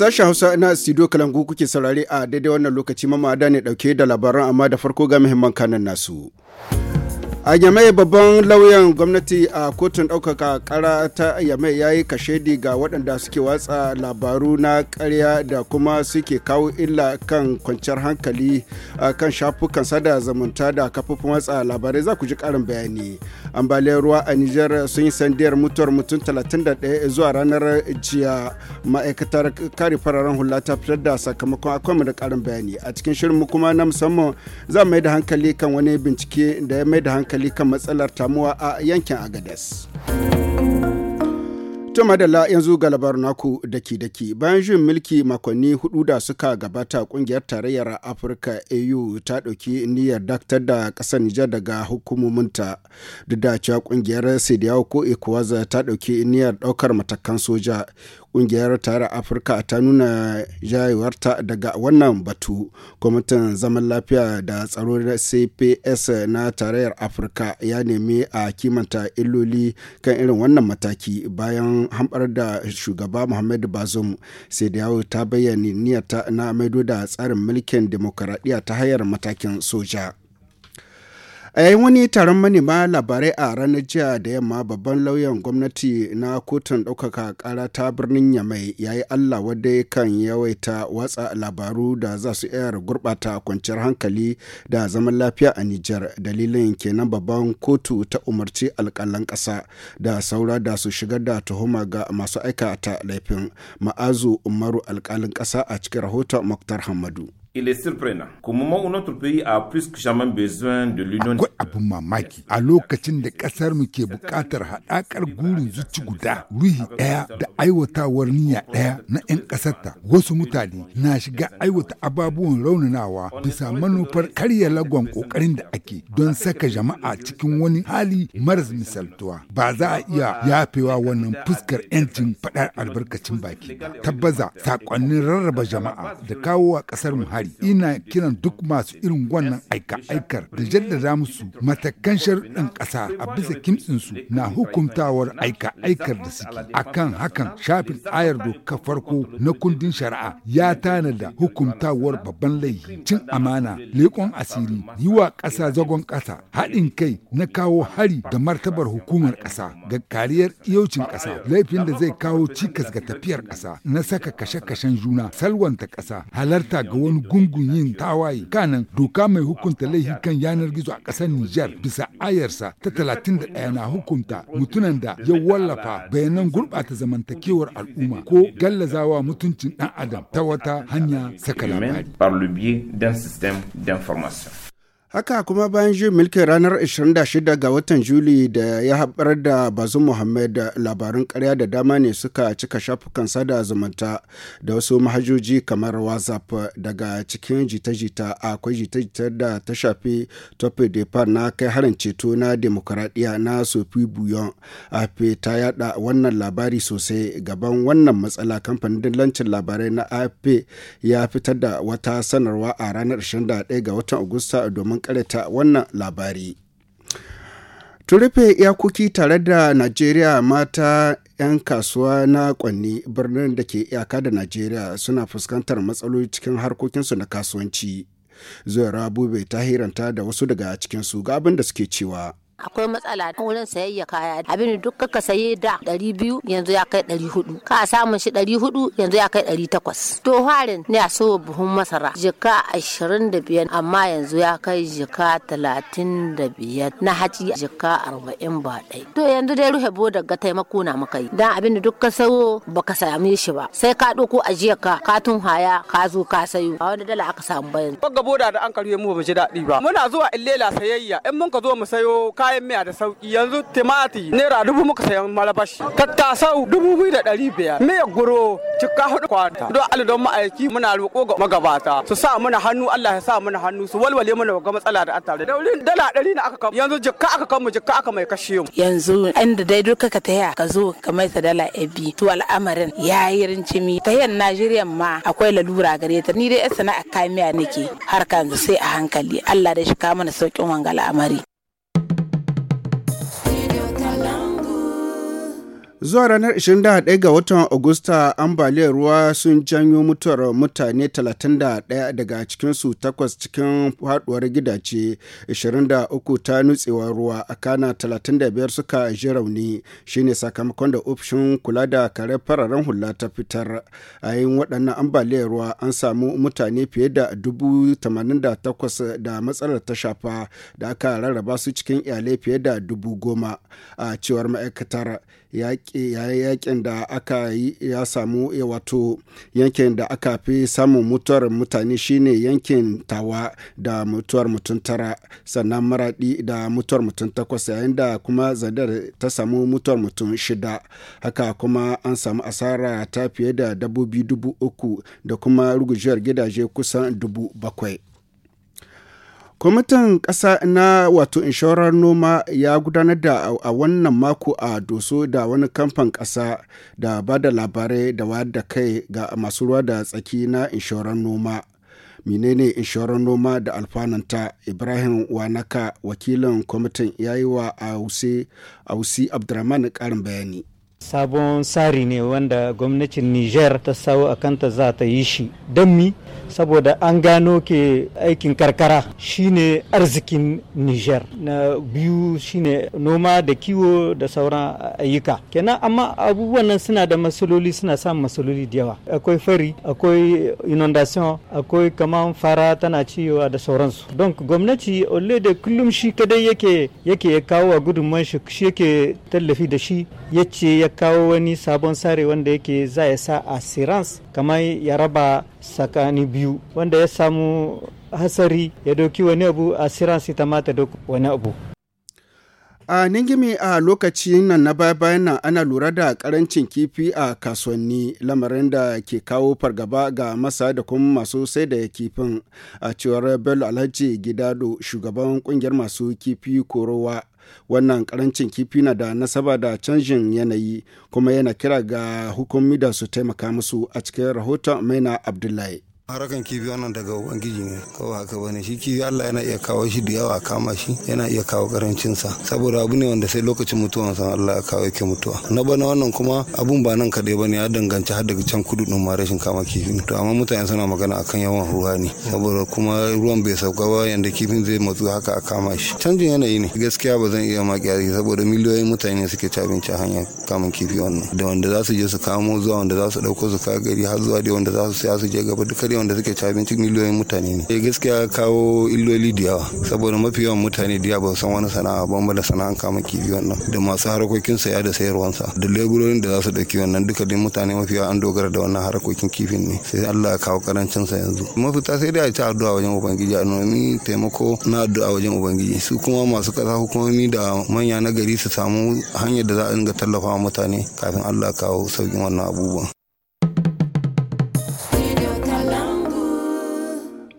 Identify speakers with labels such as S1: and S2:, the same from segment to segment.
S1: Sashen Hausa na studio Kalangu kuke saurare a daidai wannan lokaci mamada ne dauke da labaran amma da farko ga muhimman kanan nasu. a yamai babban lauyan gwamnati a kotun ɗaukaka kara ta yamai ya yi kashedi ga waɗanda suke watsa labaru na karya da kuma suke kawo illa kan kwanciyar hankali kan shafukan sada zumunta da kafofin watsa labarai za ku ji ƙarin bayani ambaliyar ruwa a nijar sun yi sandiyar mutuwar mutum 31 zuwa ranar jiya ma'aikatar kare fararen hula ta fitar da sakamakon akwai da karin bayani a cikin shirin kuma na musamman za mai da hankali kan wani bincike da ya mai da hankali kan matsalar tamuwa a yankin agadas. da madalla yanzu ga naku daki-daki bayan juyin mulki makonni hudu da suka gabata kungiyar tarayyar Afirka AU ta ɗauki niyyar daktar da ƙasar Nijar daga hukumominta duk da cewa kungiyar Sidiyawa ko ekwaza ta ɗauki niyyar ɗaukar matakan soja Ƙungiyar tare Afirka ta nuna jayewarta daga wannan batu. Kwamitin zaman lafiya da tsaro na CPS na tarayyar Afirka ya nemi a kimanta illoli kan irin wannan mataki bayan hambar da shugaba Muhammadu Bazoum. Sai da yawo ta bayyana niyyarta na maido da tsarin mulkin demokaradiyya ta hanyar matakin soja. A yayin wani taron manema labarai a ranar jiya da yamma babban lauyan gwamnati na kotun ɗaukaka ƙara ta birnin Yamai ya yi Allah wadda kan yawaita watsa labaru da za su iya gurɓata kwanciyar hankali da zaman lafiya a Nijar. Dalilin kenan babban kotu ta umarci alƙalan ƙasa da saura da su shigar da tuhuma ga masu aikata laifin. Ma'azu Umaru alƙalin ƙasa a cikin rahoton Muktar Hamadu. Il est surprenant qu'au moment où notre pays a plus que jamais besoin de l'union akwai
S2: abin mamaki a lokacin da kasar mu ke bukatar haɗakar gurin zuci guda ruhi ɗaya da aiwatawar niyya ɗaya na 'yan ƙasarta wasu mutane na shiga aiwata ababuwan raunanawa bisa manufar karya lagon ƙoƙarin da ake don saka jama'a cikin wani hali maras misaltuwa ba za a iya yafewa wannan fuskar 'yancin faɗar albarkacin baki ba tabbaza saƙonnin rarraba jama'a da kawo wa kasar mu hari ina kiran duk masu irin wannan aika-aikar da jaddada musu matakan sharuɗin ƙasa a bisa kimtsinsu na hukuntawar aika-aikar da suke akan hakan shafin ayar doka farko na kundin shari'a ya da hukumtawar babban laifi. cin amana leƙon asiri yi wa ƙasa zagon ƙasa haɗin kai na kawo hari da martabar hukumar ƙasa ga kariyar iyocin ƙasa laifin da zai kawo cikas ga tafiyar ƙasa na saka kashe-kashen juna salwanta ƙasa halarta ga wani gungun yin tawaye kanan doka mai hukunta laifi kan yanar gizo a ƙasar Nijar bisa ayarsa ta 31 na hukunta mutunan da ya wallafa bayanan gurɓata zamantakewar al'umma ko gallazawa mutuncin ɗan adam ta wata hanya saka
S1: labari.
S2: Haka kuma bayan juyin mulkin
S1: ranar 26 ga watan Juli da ya haɓar da bazu Muhammad labarin ƙarya da dama ne suka cika shafukan sada zumunta da wasu mahajoji kamar WhatsApp daga cikin jita-jita akwai jita-jita da ta shafi Tope Depa na kai harin ceto na demokuraɗiyya na Sophie Buyon. a ta yada wannan labari sosai gaban wannan matsala kamfanin dillancin labarai na AFP ya fitar da wata sanarwa a ranar 21 ga watan Agusta domin karanta wannan labari. Tun rufe iyakoki tare da Najeriya mata 'yan kasuwa na kwanni birnin da ke iyaka da Najeriya suna fuskantar matsaloli cikin harkokinsu na kasuwanci. Zuwa Rabu bai ta hiranta da wasu daga cikinsu ga abin da suke cewa.
S3: akwai matsala wurin sayayya kaya abin duk ka saye da ɗari biyu yanzu ya kai ɗari hudu ka samun shi ɗari hudu yanzu ya kai ɗari takwas to harin ne a so buhun masara jika ashirin da biyar amma yanzu ya kai jika talatin da biyar na haci jika arba'in ba ɗai to yanzu dai ruhe bo daga taimako na muka yi dan abin da duk ka sayo baka same shi ba sai ka ɗauko ajiyar ka ka tun haya ka zo ka sayo a wani dala aka samu bayan.
S1: Bagga boda da an karye mu ba mu ji daɗi ba muna zuwa illela sayayya in mun ka zo mu sayo ka kayan miya da sauki yanzu timati naira dubu muka sayan malabashi tattasau dubu biyu da ɗari biyar miya goro cika hudu kwanta don aladon don ma'aiki muna roƙo ga magabata su sa mana hannu Allah ya sa mana hannu su walwale mana ga matsala da attare da wurin dala ɗari na aka kan yanzu jikka aka mu jikka aka mai kashe mu
S3: yanzu inda dai duka ka taya ka zo ka mai ta dala bi. to al'amarin ya yi rincimi ta yan Najeriya ma akwai lalura gare ta ni dai yan sana'a miya nake harka sai a hankali Allah da shi ka mana sauƙin wanga al'amari
S1: Zuwa ranar 21 ga watan Agusta ambaliyar ruwa sun janyo mutuwar mutane 31 daga cikinsu takwas cikin haduwar gidace 23 ta nutsewa ruwa a kana 35 suka ji rauni shine sakamakon da ofishin kula da kare fararen hula ta fitar. A yin waɗannan ambaliyar ruwa an samu mutane fiye da 88 da matsalar ta shafa da aka rarraba su cikin iyalai fiye da 10,000 a cewar ma'aikatar. yakin da aka ya samu wato yankin da aka fi samun mutuwar mutane shine yankin tawa da mutuwar mutum tara sannan maradi da mutuwar mutum takwas yayin da kuma zadar ta samu mutuwar mutum shida haka kuma an samu asara ta fiye da dabbobi dubu uku da kuma rugujiyar gidaje kusan dubu bakwai. kwamitin ƙasa na wato inshorar noma ya gudanar da a wannan mako a doso da wani kamfan ƙasa da ba da labarai da wayar da kai ga masu ruwa da tsaki na inshorar noma menene inshorar noma da alfananta ibrahim wanaka wakilin kwamitin ya yi wa ausi abdurrahman ƙarin bayani sabon tsari ne wanda gwamnatin niger ta sawo a kanta za ta yi shi don mi saboda an gano ke aikin karkara shine arzikin niger na biyu shine noma da kiwo da sauran ayyuka kenan amma abubuwan nan suna da masaloli suna samun masaloli da yawa akwai fari akwai inundation akwai kaman fara tana ciwa da sauransu don gwamnati ole da kullum shi kadai yake yake kawo a gudunman shi yake tallafi da shi yace ya kawo wani sabon sare wanda yake za ya sa a sirans kamar ya raba tsakani biyu wanda ya
S4: samu hasari ya doki wani abu sirans ita ma ta doki wani abu
S1: a ningimi a lokacin nan na baya bayan nan ana lura da karancin kifi a kasuwanni lamarin da ke kawo fargaba ga masa da kuma masu sai da kifin a cewar bello alhaji gidado shugaban kungiyar masu kifi korowa wannan karancin kifi na da nasaba da canjin yanayi kuma yana kira ga hukumi da su taimaka musu a cikin rahoton maina abdullahi
S4: harakan kifi wannan daga ubangiji ne kawai haka bane shi kifi Allah yana iya kawo shi da yawa kama shi yana iya kawo karancin sa saboda abu ne wanda sai lokacin mutuwan sa Allah ya kawo yake mutuwa na bana wannan kuma abun ba nan kadai bane ya danganci har daga can kudu din ma rashin kama kifin to amma mutane suna magana akan yawan ruwa ne saboda kuma ruwan bai sauka ba yanda kifin zai matsu haka a kama shi canjin yanayi ne gaskiya ba zan iya maki yari saboda miliyoyin mutane suke ci a hanyar kamun kifi wannan da wanda za su je su kamo zuwa wanda za su dauko su kai gari har zuwa da wanda za su siya su je gaba duka da suke ci abinci miliyoyin mutane ne eh gaskiya kawo illoli da yawa saboda mafi yawan mutane da yawa ba san wani sana'a ba da sana'an kama kifi wannan da masu harkokin saya da sayarwansa da leburorin da za su dauki wannan duka dai mutane mafi yawa an dogara da wannan harkokin kifin ne sai Allah ya kawo karancin sa yanzu mafita sai dai a ci addu'a wajen ubangiji a nomi taimako na addu'a wajen ubangiji su kuma masu kasa hukumomi da manya na gari su samu hanyar da za a dinga tallafa mutane kafin Allah ya kawo sauƙin wannan abubuwan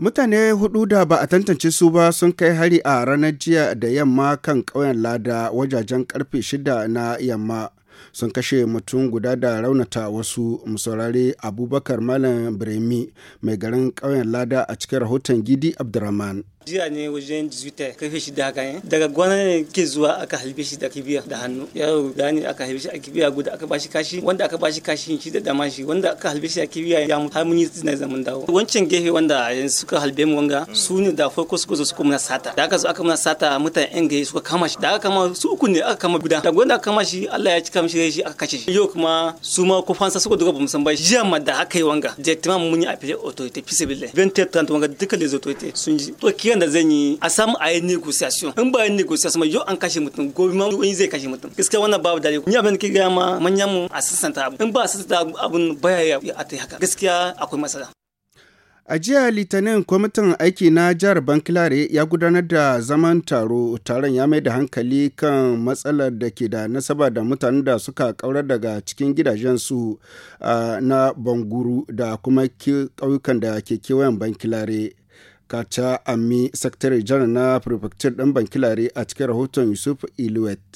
S1: Mutane hudu da ba a tantance su ba sun kai hari a ranar jiya da yamma kan ƙauyen Lada wajajen karfe shida na yamma. Sun kashe mutum guda da raunata wasu musaurare Abubakar Malam Bremi mai garin ƙauyen Lada a cikin rahoton Gidi Abdurrahman. jiya ne wajen 18 karfe shida haka ne eh? daga gwana ne ke zuwa aka halbe shi da kibiya da hannu yaro guda ne aka halbe shi a kibiya guda aka bashi kashi wanda aka bashi kashi shi da dama shi wanda aka halbe shi a kibiya ya mutu har mun yi tsina zaman dawo wancan gefe wanda yanzu suka halbe mu wanga hmm. su ne da farko suka zo suka muna sata da aka zo aka muna sata mutane yan gaye suka kama shi da aka kama su uku ne aka kama guda da gwanda aka kama shi Allah ya ci kama shi shi aka kashe shi yau kuma su ma ko fansa suka duka bamu san ba jiya ma da aka yi wanga je mun yi a fili autorite fisibile 20 30 wanga duka les autorités sun ji tafiyan da zan yi a samu a yi negotiation in ba yi negotiation yau an kashe mutum gobe ma wani zai kashe mutum gaskiya wannan babu dalili ni abin da ke gaya ma manyan mu a sassanta abu in ba a sassanta abun baya ya a ta haka gaskiya akwai matsala A jiya Litinin kwamitin aiki na jihar Bankilare ya gudanar da zaman taro, taron ya mai da hankali kan matsalar da ke da nasaba da mutanen da suka kaurar daga cikin gidajensu ah, na Banguru da kuma ƙauyukan da ke kewayen Bankilare. ta ami sakatare janar na prefecture ɗan bankilare a cikin
S2: rahoton yusuf iluwet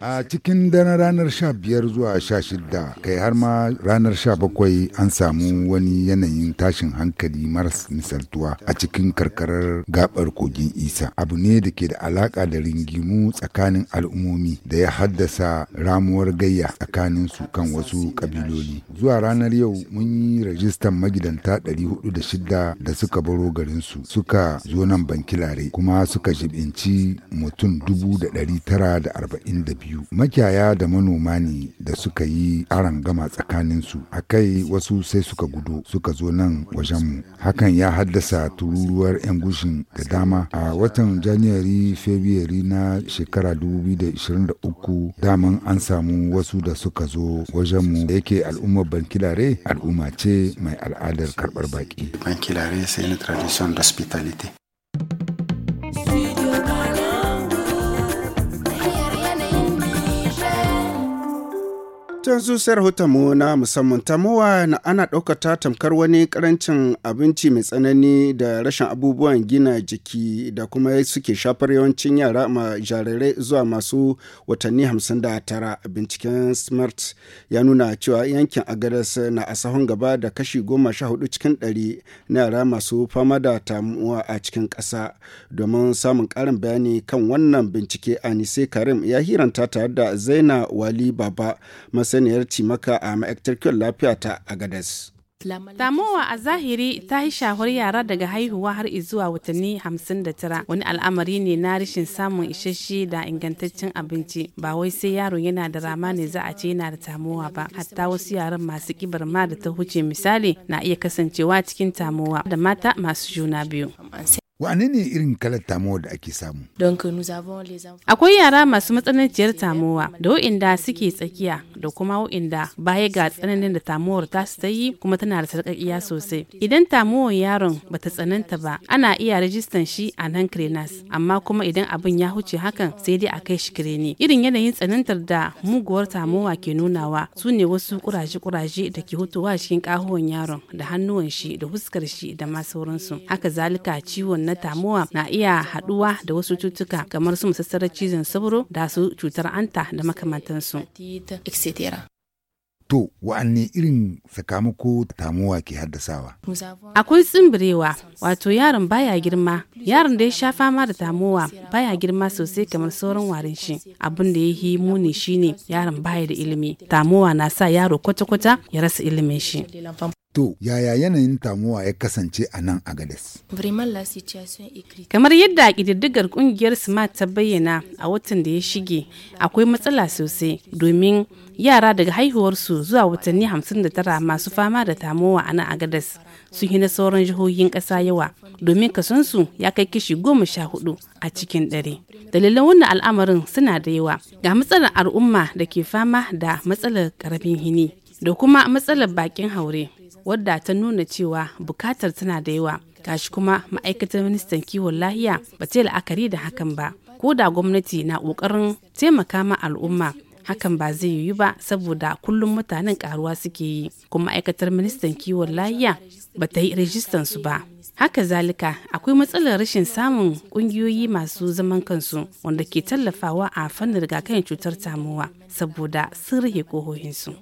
S2: A cikin daren ranar sha biyar zuwa sha 16 kai har ma ranar sha bakwai an samu wani yanayin tashin hankali maras misaltuwa a cikin karkarar gabar kogin isa abu ne da ke da alaka da ringimu tsakanin al'ummomi da ya haddasa ramuwar gayya tsakanin su kan wasu kabiloli zuwa ranar yau mun yi rajistan magidanta 406 da da suka baro garin su suka zo nan bankilare kuma suka jibin kusanci mutum 942 makiyaya da manoma ne da suka yi gama tsakaninsu a kai wasu sai suka gudu, suka zo nan wajenmu hakan ya haddasa tururuwar 'yan gushin da dama a watan janairi february na shekara 2023 daman an samu wasu da suka zo wajenmu da yake al'ummar bankilare al'umma ce mai al'adar karbar baƙi. Bankilare sai na tradition da hospitality.
S1: Tun rahoton mu na musamman tamowa na ana ɗaukata tamkar wani karancin abinci mai tsanani da rashin abubuwan gina jiki da kuma suke shafar yawancin yara ma jarirai zuwa masu watanni 59 binciken smart ya nuna cewa yankin agadas na a sahun gaba da kashi goma 14 cikin 100 na yara masu fama da tamuwa a cikin ƙasa domin samun ƙarin bayani kan wannan bincike anise karim ya hiranta tare da zaina wali baba masaniyar cimaka a ma'aikatar kiwon lafiya ta agadas
S3: Damuwa a zahiri ta yi shahar yara daga haihuwa har zuwa watanni 59 wani al'amari ne na rashin samun isasshe da ingantaccen abinci ba wai sai yaro yana da rama ne za a ce yana da tamowa ba hatta wasu yaran masu kibar ma da ta huce misali na iya kasancewa cikin tamowa da mata masu juna biyu. Wane
S2: ne irin kalar tamuwa da ake samu?
S3: Akwai yara masu matsananciyar tamuwa da wa'inda suke tsakiya da kuma wa'inda baya ga tsananin da tamuwar ta su yi kuma tana da sarƙaƙiya sosai. Idan tamuwar yaron bata tsananta ba, ana iya rajistan shi a nan krenas, amma kuma idan abin ya huce hakan sai dai a kai shi kireni. Irin yanayin tsanantar da muguwar tamuwa ke nunawa su ne wasu kuraje-kuraje da ke hutuwa cikin ƙahuwan yaron da hannuwan shi da huskar shi da ma sauransu. Haka zalika ciwon na tamuwa na iya haduwa da wasu cutuka kamar su musassarar cizon sauro da su cutar anta da makamantansu.
S2: To, wa'anne irin sakamako tamuwa ke haddasawa?
S3: Akwai tsimbirewa, wato yaron baya girma, yaron da ya sha fama da tamuwa baya girma sosai kamar sauran warin shi. Abin da ya yi muni shine yaron baya da ilimi, tamuwa na sa yaro kwata-kwata ya rasa ilimin shi.
S2: To, yaya yanayin tamuwa ya kasance a nan a Gades?
S3: Kamar yadda ƙididdigar ƙungiyar Smart ta bayyana a watan da ya shige, akwai matsala sosai domin yara daga haihuwarsu zuwa watanni 59 masu fama da tamuwa a nan agadas sun yi sauran jihohin ƙasa yawa domin kasonsu ya kai kishi goma sha hudu a cikin dare dalilan wannan al'amarin suna da yawa ga matsalar al'umma da ke fama da matsalar karamin hini da kuma matsalar baƙin haure wadda ta nuna cewa bukatar tana da yawa gashi kuma ma'aikatar ministan kiwon lahiya ba ta la'akari da hakan ba ko da gwamnati na ƙoƙarin taimaka ma al'umma hakan ba zai yiwu ba saboda kullum mutanen karuwa suke yi kuma ma'aikatar ministan kiwon lahiya ba ta yi rijistan su ba haka zalika akwai matsalar rashin samun kungiyoyi masu zaman kansu wanda ke tallafawa a fannin rigakafin cutar tamowa saboda sun rihe kohohinsu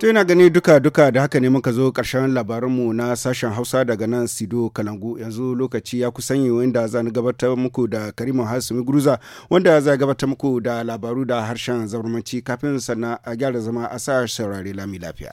S1: To yana gani duka-duka da haka ne muka zo ƙarshen labarinmu na sashen Hausa daga nan Sido Kalangu yanzu lokaci ya kusan yi wanda za ni gabatar muku da Karimu Hasumi Guruza wanda za gabatar muku da labaru da harshen zamanci kafin sannan a gyara zama a sa saurare lami lafiya.